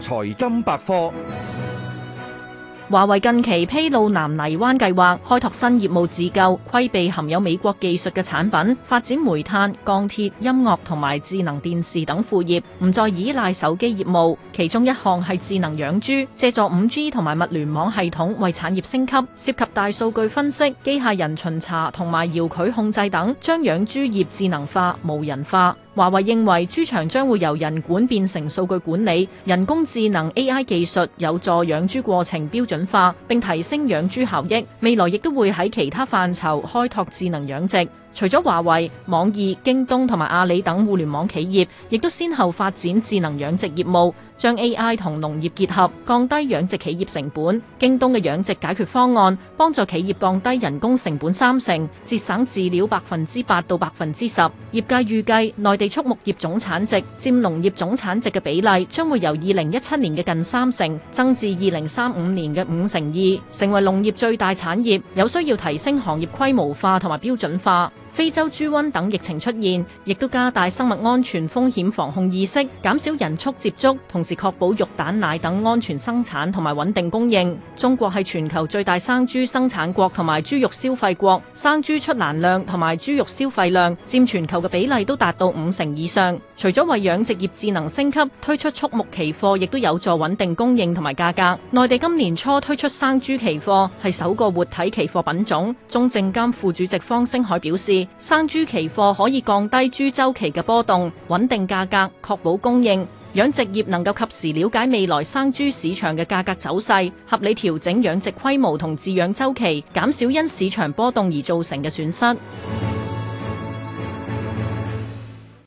財金百科。華為近期披露南泥灣計劃，開拓新業務自救，規避含有美國技術嘅產品，發展煤炭、鋼鐵、音樂同埋智能電視等副業，唔再依賴手機業務。其中一項係智能養豬，借助 5G 同埋物聯網系統為產業升級，涉及大數據分析、機械人巡查同埋遙距控制等，將養豬業智能化、無人化。華為認為，豬場將會由人管變成數據管理，人工智能 AI 技術有助養豬過程標準。化，並提升養豬效益。未來亦都會喺其他範疇開拓智能養殖。除咗華為、網易、京東同埋阿里等互聯網企業，亦都先後發展智能養殖業務。將 AI 同農業結合，降低養殖企業成本。京東嘅養殖解決方案幫助企業降低人工成本三成，節省飼料百分之八到百分之十。業界預計，內地畜牧業總產值佔農業總產值嘅比例將會由二零一七年嘅近三成增至二零三五年嘅五成二，成為農業最大產業。有需要提升行業規模化同埋標準化。非洲豬瘟等疫情出現，亦都加大生物安全風險防控意識，減少人畜接觸，同時確保肉蛋奶等安全生產同埋穩定供應。中國係全球最大生豬生產國同埋豬肉消費國，生豬出欄量同埋豬肉消費量佔全球嘅比例都達到五成以上。除咗為養殖業智能升級，推出畜牧期貨，亦都有助穩定供應同埋價格。內地今年初推出生豬期貨，係首個活體期貨品種。中證監副主席方星海表示。生豬期貨可以降低豬周期嘅波動，穩定價格，確保供應。養殖業能夠及時了解未來生豬市場嘅價格走勢，合理調整養殖規模同飼養周期，減少因市場波動而造成嘅損失。